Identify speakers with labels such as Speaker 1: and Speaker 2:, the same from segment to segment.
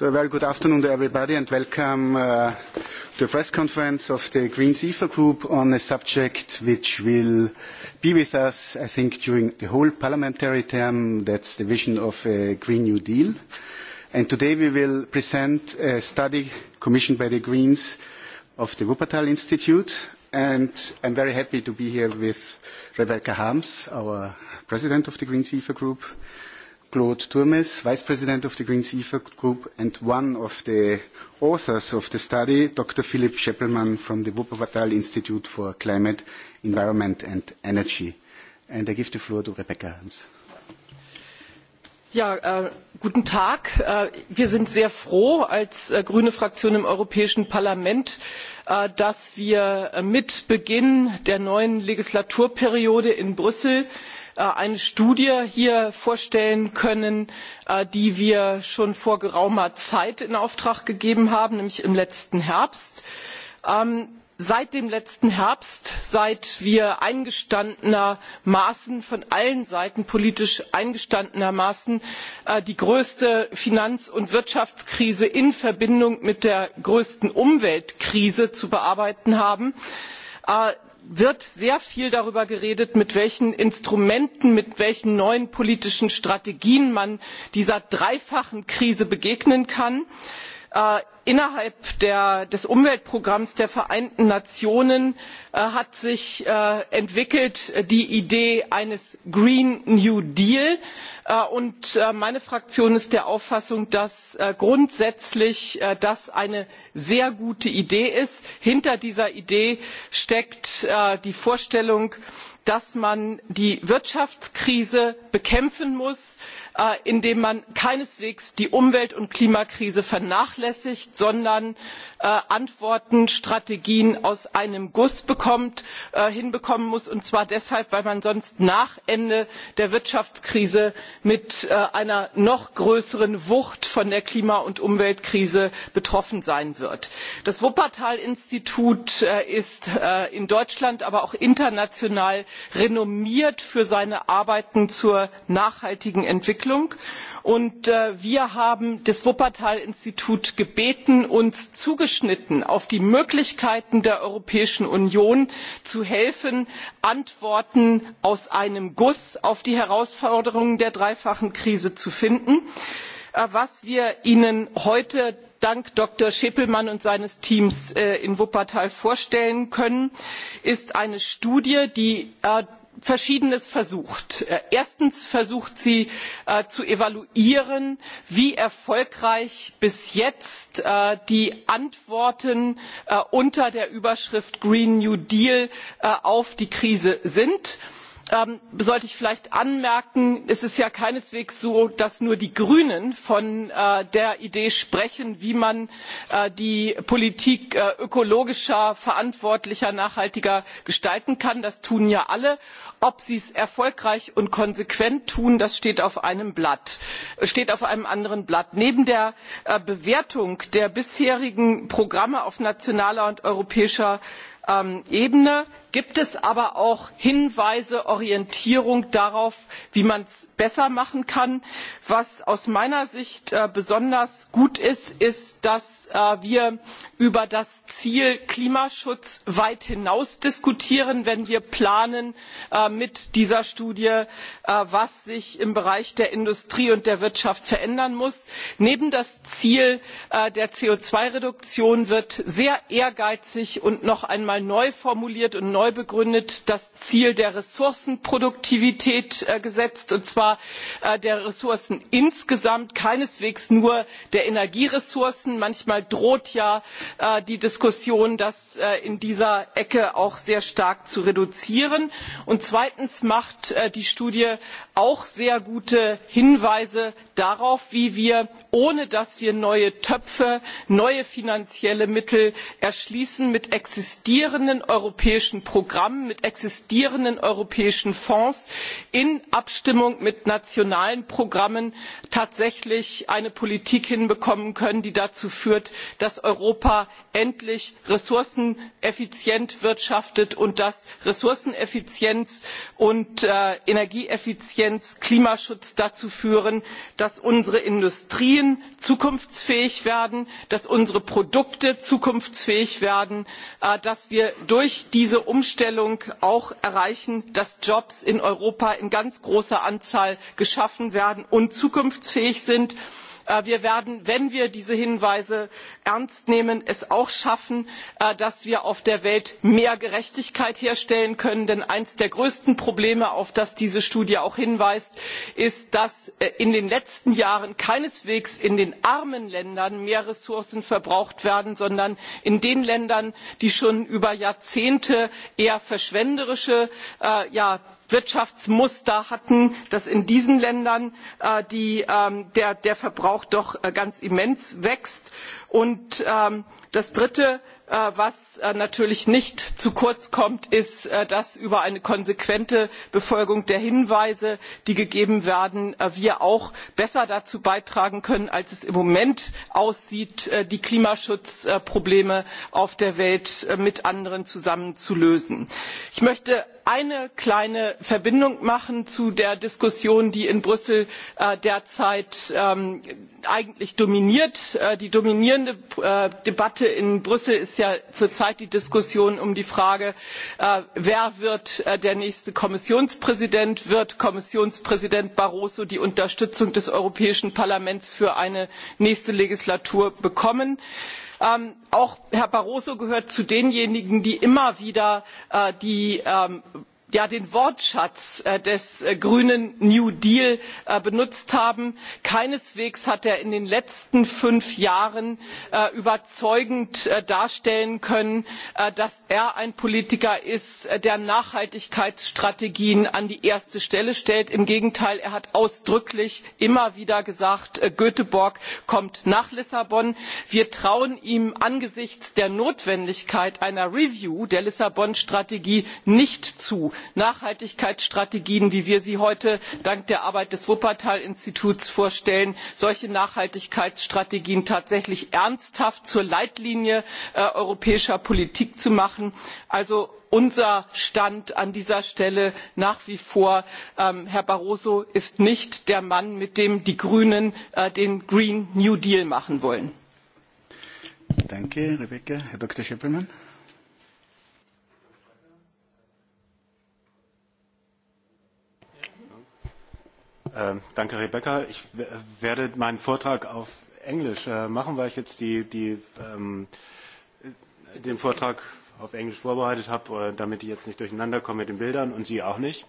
Speaker 1: So a very good afternoon to everybody, and welcome uh, to the press conference of the Green Greensifa e Group on a subject which will be with us, I think, during the whole parliamentary term. That's the vision of a Green New Deal. And today we will present a study commissioned by the Greens of the Wuppertal Institute, and I'm very happy to be here with Rebecca Harms, our president of the Green Greensifa e Group, Claude Turmes, Vice President of the Green Sea Group, and one of the authors of the study, Dr. Philip Scheppelmann from the Wuppertal Institute for Climate, Environment and Energy. And I give the floor to Rebecca Hans.
Speaker 2: Ja, äh, guten Tag. Äh, wir sind sehr froh als äh, grüne Fraktion im Europäischen Parlament, äh, dass wir mit Beginn der neuen Legislaturperiode in Brüssel Äh, eine studie hier vorstellen können äh, die wir schon vor geraumer zeit in auftrag gegeben haben nämlich im letzten herbst. Ähm, seit dem letzten herbst seit wir eingestandenermaßen von allen seiten politisch eingestandenermaßen äh, die größte finanz und wirtschaftskrise in verbindung mit der größten umweltkrise zu bearbeiten haben wird sehr viel darüber geredet mit welchen instrumenten mit welchen neuen politischen strategien man dieser dreifachen krise begegnen kann. Äh, innerhalb des umweltprogramms der vereinten nationen äh, hat sich äh, die idee eines green new deal entwickelt, und meine fraktion ist der auffassung dass das grundsätzlich eine sehr gute idee ist. hinter dieser idee steckt die vorstellung dass man die wirtschaftskrise bekämpfen muss äh, indem man keineswegs die umwelt und klimakrise vernachlässigt sondern äh, antworten strategien aus einem guss äh, hinbekommen muss und zwar deshalb weil man sonst nach ende der wirtschaftskrise mit einer noch größeren wucht von der klima und umweltkrise betroffen sein wird. das wuppertal institut ist in deutschland aber auch international renommiert für seine arbeiten zur nachhaltigen entwicklung und äh, wir haben das wuppertal institut gebeten uns zugeschnitten auf die möglichkeiten der europäischen union zu helfen antworten aus einem guss auf die herausforderungen der dreifachen krise zu finden. Äh, was wir ihnen heute dank dr schäpelmann und seines teams äh, in wuppertal vorstellen können ist eine studie die äh, verschiedenes versucht. erstens versucht sie zu evaluieren wie erfolgreich bis jetzt die antworten unter der überschrift green new deal auf die krise sind Ähm, sollte ich vielleicht anmerken es ist ja keineswegs so dass nur die grünen von äh, der idee sprechen wie man äh, die politik äh, ökologischer verantwortlicher nachhaltiger gestalten kann das tun ja alle. ob sie es erfolgreich und konsequent tun das steht auf einem, blatt, steht auf einem anderen blatt. neben der bewertung der bisherigen programme auf nationaler und europäischer Ähm, ebene gibt es aber auch hinweise orientierung darauf wie man es besser machen kann. was aus meiner sicht äh, besonders gut ist ist dass äh, wir über das ziel klimaschutz weit hinaus diskutieren wenn wir äh, mit dieser studie planen, was sich im bereich der industrie und der wirtschaft verändern muss. neben das ziel der co zwei reduktion wird sehr ehrgeizig und noch einmal neu formuliert und neu begründet das ziel der ressourcenproduktivität äh, gesetzt und zwar äh, der ressourcen insgesamt keineswegs nur der energieressourcen. manchmal droht ja äh, die diskussion das in dieser ecke auch sehr stark zu reduzieren. und zweitens macht die studie auch sehr gute hinweise darauf wie wir ohne dass wir neue töpfe neue finanzielle mittel erschließen mit existierenden existierenden europäischen programmen mit existierenden europäischen fonds in abstimmung mit nationalen programmen tatsächlich eine politik hinbekommen können die dazu führt dass europa endlich ressourceneffizient wirtschaftet und dass ressourceneffizienz und Energieeffizienz äh, energieeffizienz klimaschutz dazu führen dass unsere industrien zukunftsfähig werden dass unsere produkte zukunftsfähig werden äh, dass wir durch diese umstellung auch erreichen dass jobs in europa in ganz großer anzahl geschaffen werden und zukunftsfähig sind. Äh, wir werden wenn wir diese hinweise ernst nehmen es auch schaffen äh, dass wir auf der welt mehr gerechtigkeit herstellen können denn eines der größten probleme auf das diese studie auch hinweist ist dass äh, in den letzten jahren keineswegs in den armen ländern mehr ressourcen verbraucht werden sondern in den ländern die schon über jahrzehnte eher verschwenderische ja wirtschaftsmuster hatten dass in diesen ländern äh, ähm, der, verbrauch doch äh, ganz immens wächst. Ähm, das dritte äh, was natürlich nicht zu kurz kommt ist dass über eine konsequente befolgung der hinweise die gegeben werden wir auch besser dazu beitragen können als es im moment aussieht die klimaschutzprobleme auf der welt mit anderen zusammen zu lösen. ich möchte eine kleine verbindung machen zu der diskussion die in brüssel äh, derzeit ähm, eigentlich dominiert. Äh, die dominierende äh, debatte in brüssel ist ja zurzeit die diskussion um die frage wer wird der nächste kommissionspräsident? wird kommissionspräsident barroso die unterstützung des europäischen parlaments für eine nächste legislatur bekommen? Ähm, auch herr barroso gehört zu denjenigen die immer wieder äh, die ähm, ja den wortschatz äh, des äh, grünen new deal äh, benutzt haben keineswegs hat er in den letzten fünf jahren überzeugend darstellen können dass er ein politiker ist der nachhaltigkeitsstrategien an die erste stelle stellt. im gegenteil er hat ausdrücklich immer wieder gesagt göteborg kommt nach lissabon. wir trauen ihm angesichts der notwendigkeit einer review der lissabon strategie nicht zu nachhaltigkeitsstrategien wie wir sie heute dank der arbeit des wuppertal instituts vorstellen solche nachhaltigkeitsstrategien tatsächlich ernsthaft zur leitlinie äh, europäischer politik zu machen also unser stand an dieser stelle nach wie vor ähm, herr barroso ist nicht der mann mit dem die grünen äh, den green new deal machen wollen.
Speaker 3: Ähm, danke, Rebecca. Ich werde meinen Vortrag auf Englisch äh, machen, weil ich jetzt die, die, ähm, den Vortrag auf Englisch vorbereitet habe, äh, damit ich jetzt nicht durcheinander komme mit den Bildern und Sie auch nicht.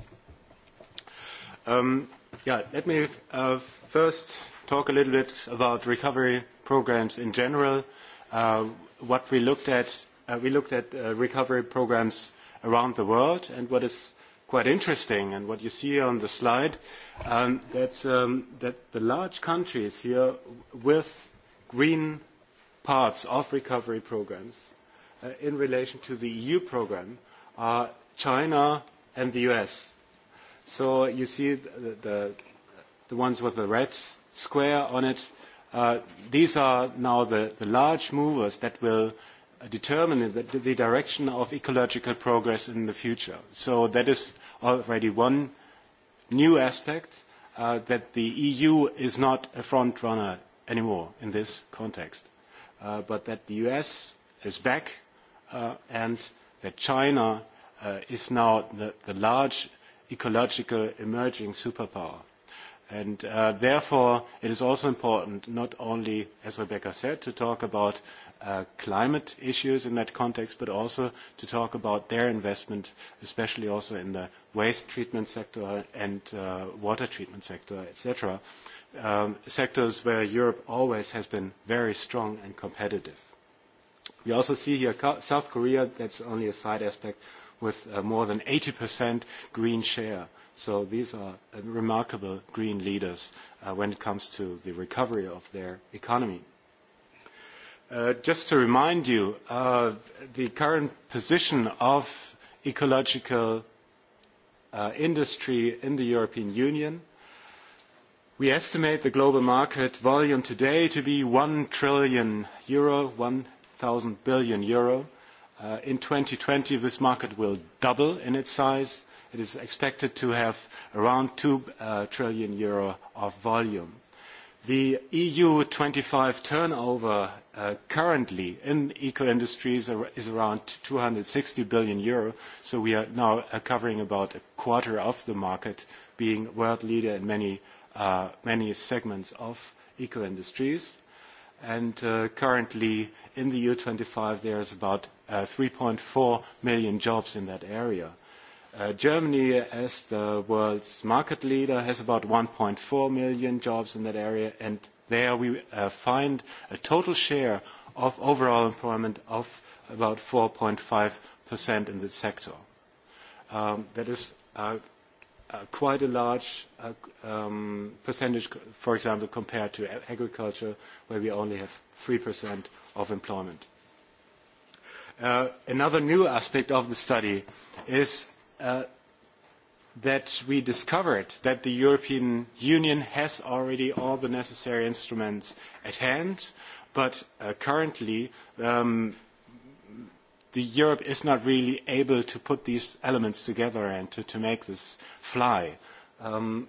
Speaker 3: Um, ähm, yeah, let me uh, first talk a little bit about recovery programs in general. Uh, what we looked at, uh, we looked at uh, recovery programs around the world and what is quite interesting. And what you see on the slide, um, that, um, that the large countries here with green parts of recovery programs uh, in relation to the EU program are China and the US. So you see the, the, the ones with the red square on it. Uh, these are now the, the large movers that will determine the, the direction of ecological progress in the future. So that is already one new aspect uh, that the EU is not a front runner anymore in this context, uh, but that the US is back uh, and that China uh, is now the, the, large ecological emerging superpower. And uh, therefore, it is also important not only, as Rebecca said, to talk about Uh, climate issues in that context, but also to talk about their investment, especially also in the waste treatment sector and uh, water treatment sector, etc., um, sectors where Europe always has been very strong and competitive. We also see here South Korea, that's only a side aspect, with uh, more than 80% green share. So these are uh, remarkable green leaders uh, when it comes to the recovery of their economy. Uh, just to remind you, uh, the current position of ecological uh, industry in the European Union, we estimate the global market volume today to be 1 trillion euro, 1,000 billion euro. Uh, in 2020, this market will double in its size. It is expected to have around 2 uh, trillion euro of volume. The EU twenty five turnover uh, currently in eco industries is around EUR two hundred and sixty billion euro, so we are now uh, covering about a quarter of the market, being world leader in many, uh, many segments of eco industries. And uh, currently in the EU twenty five there is about uh, three four million jobs in that area. Uh, Germany, as the world's market leader, has about 1.4 million jobs in that area, and there we uh, find a total share of overall employment of about 4.5% in this sector. Um, that is uh, quite a large um, percentage, for example, compared to agriculture, where we only have 3% of employment. another new aspect of the study is Uh, that we discovered that the European Union has already all the necessary instruments at hand, but uh, currently um, Europe is not really able to put these elements together and to, to make this fly. Um,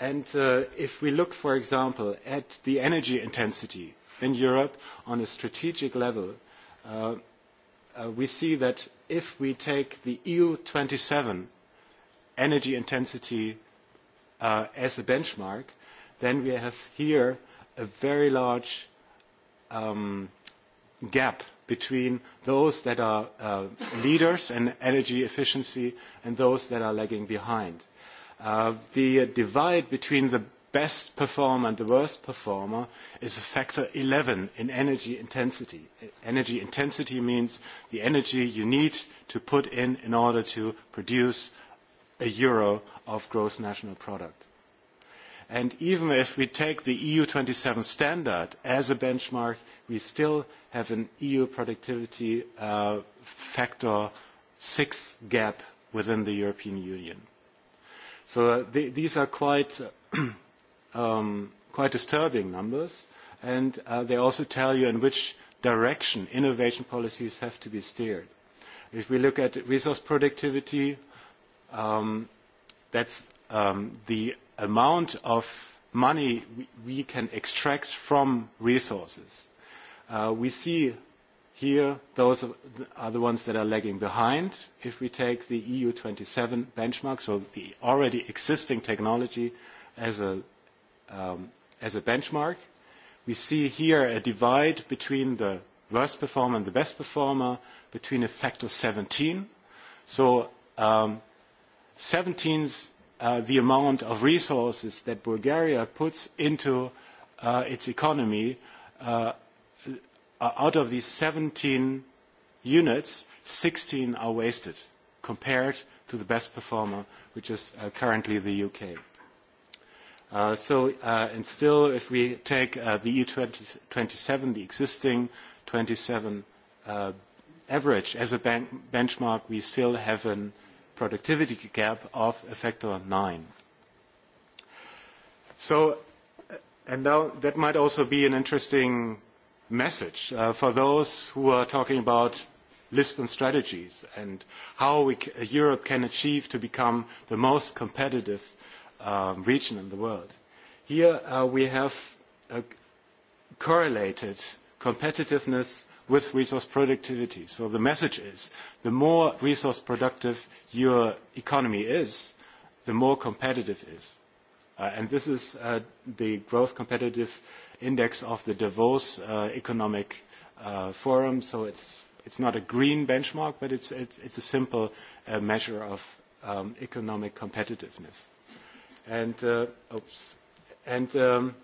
Speaker 3: and uh, if we look, for example, at the energy intensity in Europe on a strategic level, uh, Uh, we see that if we take the EU twenty seven energy intensity uh, as a benchmark, then we have here a very large um, gap between those that are uh, leaders in energy efficiency and those that are lagging behind. Uh, the divide between the best performer and the worst performer is a factor eleven in energy intensity. Energy intensity means the energy you need to put in in order to produce a euro of gross national product. And even if we take the EU twenty seven standard as a benchmark, we still have an EU productivity uh, factor six gap within the European Union. So uh, these are quite uh, um, quite disturbing numbers, and uh, they also tell you in which direction innovation policies have to be steered. If we look at resource productivity, um, that's um, the amount of money we, we can extract from resources. Uh, we see here those are the ones that are lagging behind. If we take the EU twenty seven benchmark, so the already existing technology as a Um, as a benchmark. We see here a divide between the worst performer and the best performer between a factor of 17. So um, 17 is uh, the amount of resources that Bulgaria puts into uh, its economy. Uh, uh out of these 17 units, 16 are wasted compared to the best performer, which is uh, currently the UK. Uh, so, uh, and still, if we take uh, the EU27, the existing 27 uh, average as a ben benchmark, we still have a productivity gap of a factor of nine. So, uh, and now that might also be an interesting message uh, for those who are talking about Lisbon strategies and how we, uh, Europe can achieve to become the most competitive um, region in the world. Here uh, we have uh, correlated competitiveness with resource productivity. So the message is the more resource productive your economy is, the more competitive it is. Uh, and this is uh, the growth competitive index of the Davos uh, Economic uh, Forum. So it's, it's not a green benchmark, but it's, it's, it's a simple uh, measure of um, economic competitiveness. And, uh, oops. and um,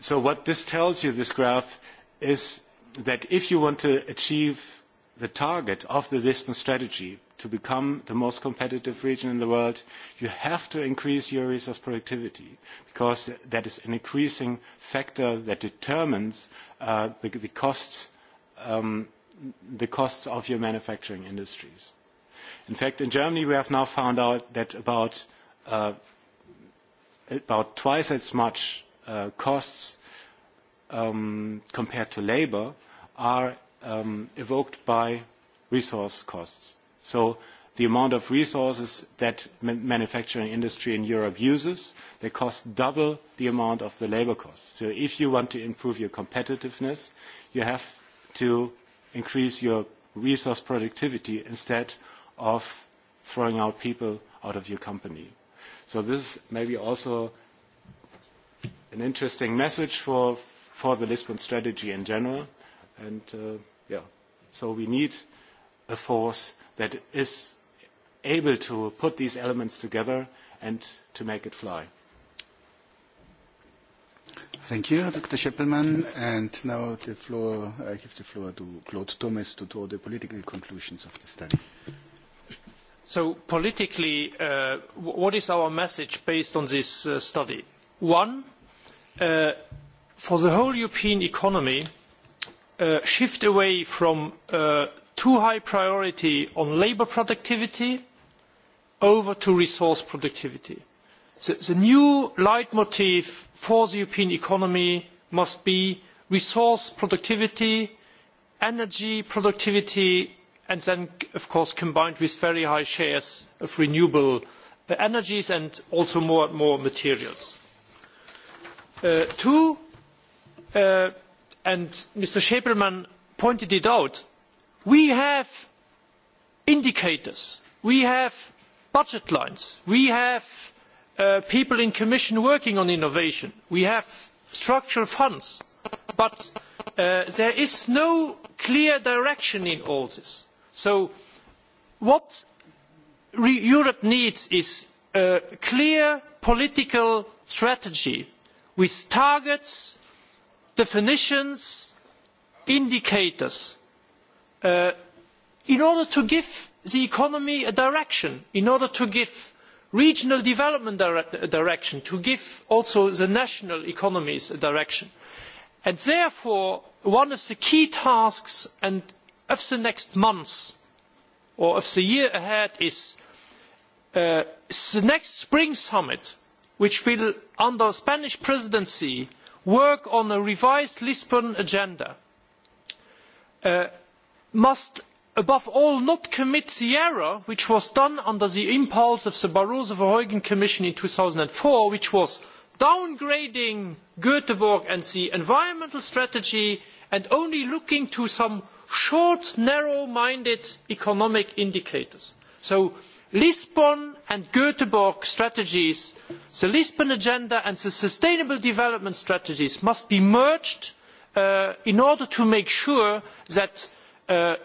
Speaker 3: so what this tells you, this graph, is that if you want to achieve the target of the Lisbon strategy to become the most competitive region in the world, you have to increase your resource productivity because that is an increasing factor that determines uh, the, the, costs, um, the costs of your manufacturing industries. In fact, in Germany, we have now found out that about Uh, about twice as much uh, costs um, compared to labour are um, evoked by resource costs. So the amount of resources that the manufacturing industry in Europe uses, they cost double the amount of the labour costs. So if you want to improve your competitiveness, you have to increase your resource productivity instead of throwing out people out of your company. So this is maybe also an interesting message for, for the Lisbon strategy in general. And uh, yeah, so we need a force that is able to put these elements together and to make it fly.
Speaker 1: Thank you, Dr. Scheppelmann. And now the floor, I give the floor to Claude Thomas to draw the political conclusions of the study.
Speaker 4: So politically, uh, what is our message based on this uh, study? One, uh, for the whole European economy, a uh, shift away from uh, too high priority on labour productivity over to resource productivity. The, the new leitmotif for the European economy must be resource productivity, energy productivity and then of course combined with very high shares of renewable uh, energies and also more and more materials. Uh, two, uh, and Mr. Schäpelmann pointed it out, we have indicators, we have budget lines, we have uh, people in commission working on innovation, we have structural funds, but uh, there is no clear direction in all this so what Europe needs is a clear political strategy with targets, definitions, indicators, uh, in order to give the economy a direction, in order to give regional development a direction, to give also the national economies a direction. And therefore, one of the key tasks and of the next months or of the year ahead is uh, the next spring summit, which will, under the Spanish presidency, work on a revised Lisbon agenda, uh, must above all not commit the error which was done under the impulse of the Barroso-Verheugen Commission in two thousand four, which was downgrading Göteborg and the environmental strategy and only looking to some short, narrow-minded economic indicators. So Lisbon and Göteborg strategies, the Lisbon agenda and the sustainable development strategies must be merged uh, in order to make sure that uh,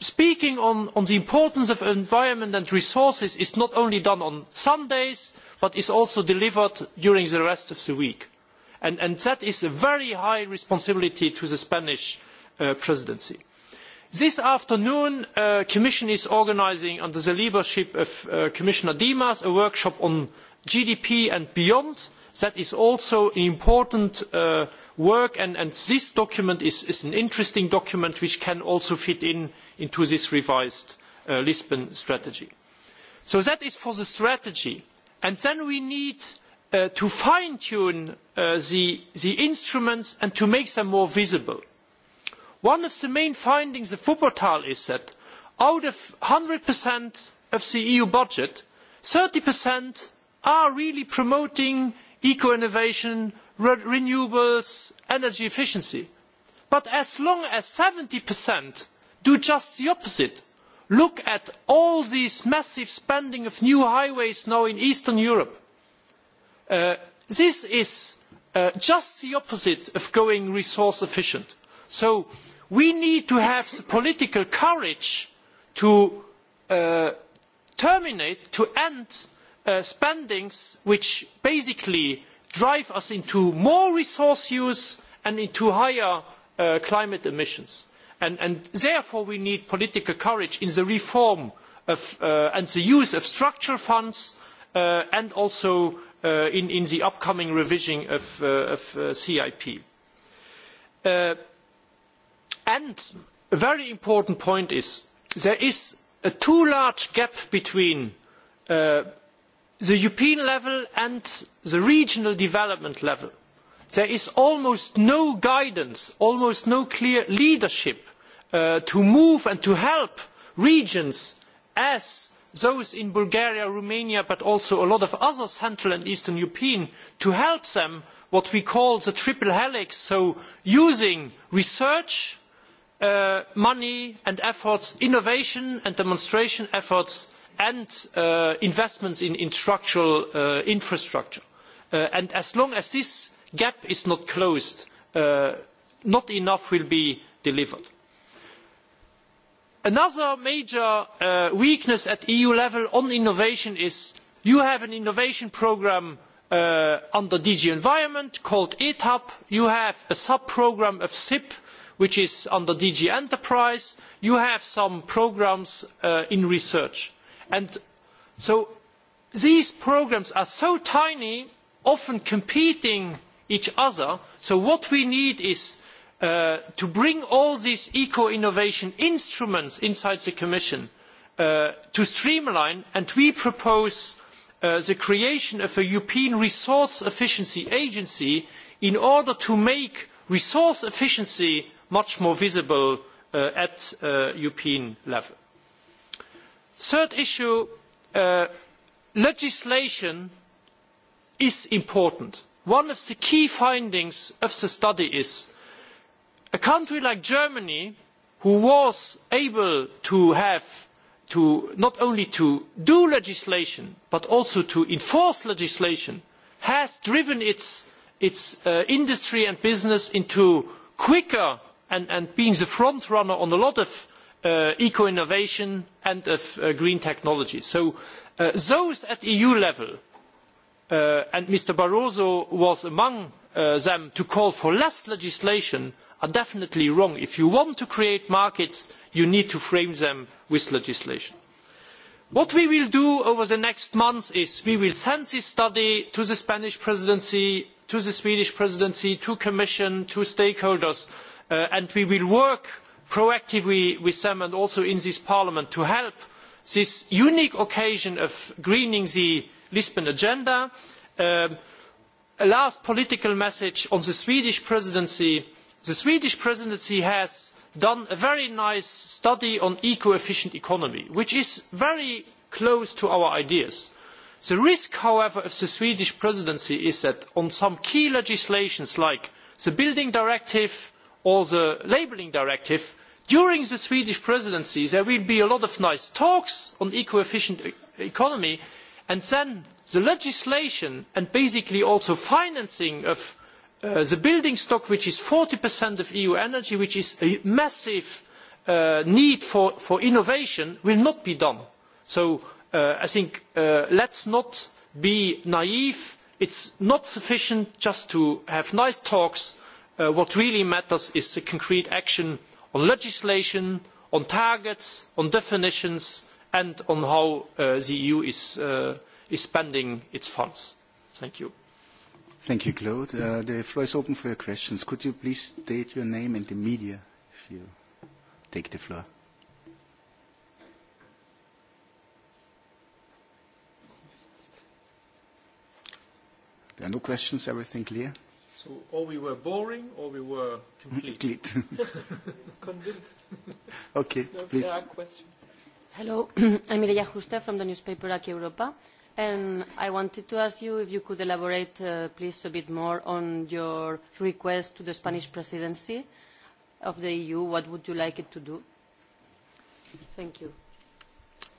Speaker 4: speaking on, on, the importance of environment and resources is not only done on Sundays, but is also delivered during the rest of the week and, and that is a very high responsibility to the Spanish uh, presidency. This afternoon, the uh, Commission is organising, under the leadership of uh, Commissioner Dimas, a workshop on GDP and beyond. That is also an important uh, work, and, and, this document is, is, an interesting document which can also fit in into this revised uh, Lisbon strategy. So that is for the strategy. And then we need Uh, to fine tune uh, the, the, instruments and to make them more visible. One of the main findings of Wuppertal is that out of one 100% of the EU budget, 30% are really promoting eco-innovation, re renewables, energy efficiency. But as long as 70% do just the opposite, look at all this massive spending of new highways now in Eastern Europe Uh, this is uh, just the opposite of going resource efficient. So we need to have the political courage to uh, terminate, to end uh, spending which basically drive us into more resource use and into higher climate emissions. And, and therefore we need political courage in the reform of, and the use of structural funds Uh, and also uh, in, the upcoming revision of, uh, CIP. a very important point is there is a too large gap between the European level and the regional development level. There is almost no guidance, almost no clear leadership to move and to help regions as those in Bulgaria, Romania, but also a lot of other Central and Eastern European to help them what we call the triple helix, so using research, uh, money and efforts, innovation and demonstration efforts, and uh, investments in, structural uh, infrastructure. as long as this gap is not closed, not enough will be delivered another major uh, weakness at eu level on innovation is that you have an innovation programme uh, under dg environment called etap you have a sub programme of sip which is under dg enterprise you have some programmes uh, in research so these programmes are so tiny often competing with each other so what we need is Uh, to bring all these eco innovation instruments inside the commission uh, to streamline and we propose uh, the creation of a european resource efficiency agency in order to make resource efficiency much more visible uh, at uh, european level. third issue legislation is important. one of the key findings of the study is a country like germany which was able to have to not only to do legislation but also to enforce legislation has driven its, its uh, industry and business into quicker and, and being the front runner on a lot of uh, eco innovation and of uh, green technology. So uh, those at EU level uh, and Mr Barroso was among uh, them to call for less legislation are definitely wrong. If you want to create markets, you need to frame them with legislation. What we will do over the next months is we will send this study to the Spanish presidency, to the Swedish presidency, to the Commission, to stakeholders, uh, and we will work proactively with them and also in this parliament to help this unique occasion of greening the Lisbon agenda. Um, a last political message on the Swedish presidency the swedish presidency has done a very nice study on eco efficient economy which is very close to our ideas. the risk however of the swedish presidency is that on some key legislation like the building directive or the labelling directive during the swedish presidency there will be a lot of nice talks on eco efficient e-, economy and then the legislation and basically also financing of Uh, the building stock, which is 40% of EU energy, which is a massive uh, need for, for, innovation, will not be done. So uh, I think uh, let us not be naive. It is not sufficient just to have nice talks. Uh, what really matters is the concrete action on legislation, on targets, on definitions, and on how the EU is, is spending its funds. Thank you.
Speaker 1: Thank you, Claude. Uh, the floor is open for your questions. Could you please state your name and the media if you take the floor? There are no questions, everything clear?
Speaker 4: So or we were boring or we were complete. complete. Convinced. Okay, please. questions.
Speaker 1: Hello, I'm Mireia Justa from the newspaper Aki Europa and I wanted to ask you if you could elaborate, uh, please, a bit more on your request to the Spanish presidency of the EU. What would you like it to do? Thank you.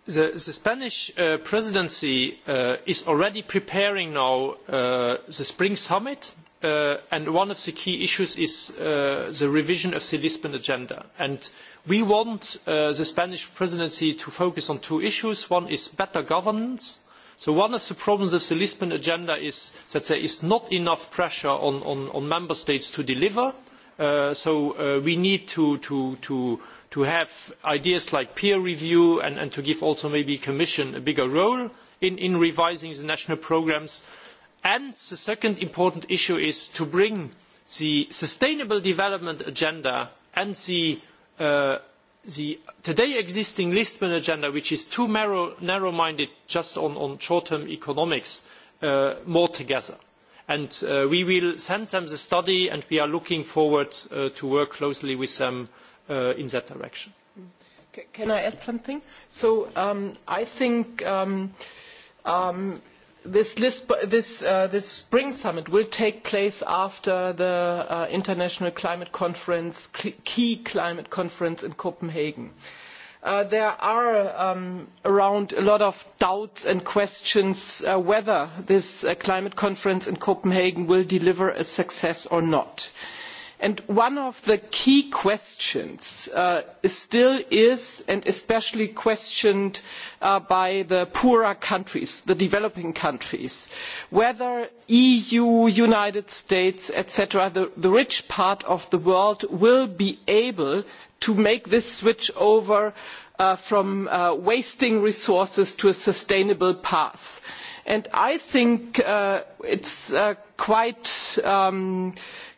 Speaker 4: The, the Spanish uh, presidency uh, is already preparing now uh, the spring summit, uh, and one of the key issues is uh, the revision of the Lisbon agenda. And we want the Spanish presidency to focus on two issues. One is better governance, so one of the problems of the Lisbon agenda is that there is not enough pressure on, on, on member states to deliver. Uh, so uh, we need to, to, to, to, have ideas like peer review and, and to give also maybe the Commission a bigger role in, in revising the national programmes. And the second important issue is to bring the sustainable development agenda and the uh, the today existing Lisbon agenda, which is too narrow-minded just on, on short-term economics, uh, more together. And uh, we will send them the study, and we are looking forward uh, to work closely with them uh, in that direction.
Speaker 2: Can I add something? So um, I think um, um, This, Lisp this, uh, this spring summit will take place after the uh, international climate conference, key climate conference in Copenhagen. Uh, there are um, around a lot of doubts and questions uh, whether this uh, climate conference in Copenhagen will deliver a success or not. Uh, And one of the key questions uh, is still is and especially questioned uh, by the poorer countries the developing countries whether the eu the united states etc the, rich part of the world will be able to make this switch over uh, from wasting resources to a sustainable path. And i think it is quite um,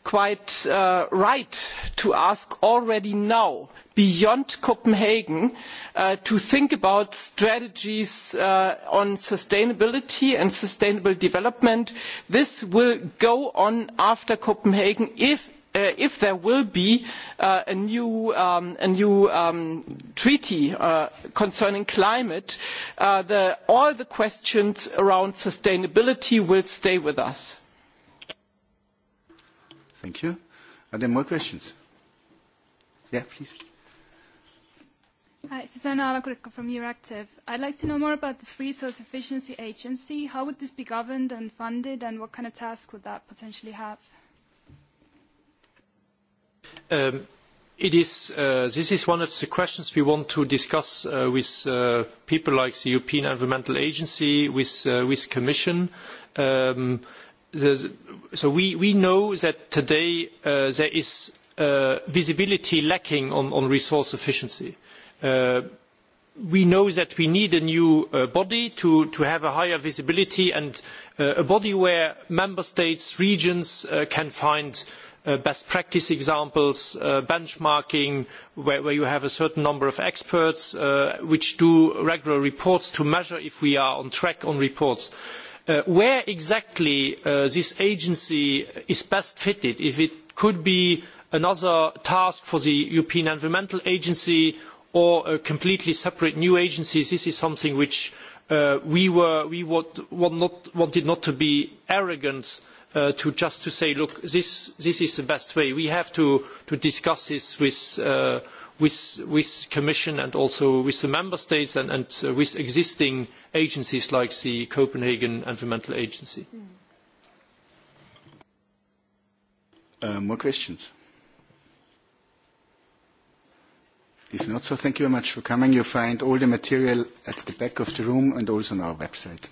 Speaker 2: quite uh, right to ask already now beyond copenhagen uh, to think about strategies uh, on sustainability and sustainable development. this will go on after copenhagen if, there will be a new, um, um, treaty concerning climate all the questions around sustainability will stay with us.
Speaker 1: Thank you. Are there more questions? Yeah, please. Hi, Susanna Alakrika from Euractiv. I'd like to know more about this Resource Efficiency Agency. How would this be governed and funded, and what kind of task would that potentially have?
Speaker 4: Um, it is, uh, this is one of the questions we want to discuss uh, with uh, people like the European Environmental Agency, with, uh, Commission. Um, so we, know that today uh, there is uh, visibility lacking on, resource efficiency. Uh, we know that we need a new body to, have a higher visibility and a body where member states, regions can find best practice examples, benchmarking, where, where, you have a certain number of experts which do regular reports to measure if we are on track on reports. Uh, where exactly uh, this agency is best fitted if it could be another task for the european environmental agency or a completely separate new agency this is something which uh, we, were, we not, wanted not to be arrogant uh, to just to say look this, this is the best way we have to, to discuss this with uh, with the Commission and also with the Member States and, and uh, with existing agencies like the Copenhagen Environmental Agency.
Speaker 1: Hmm. Uh, more questions? If not, so thank you very much for coming. You'll find all the material at the back of the room and also on our website.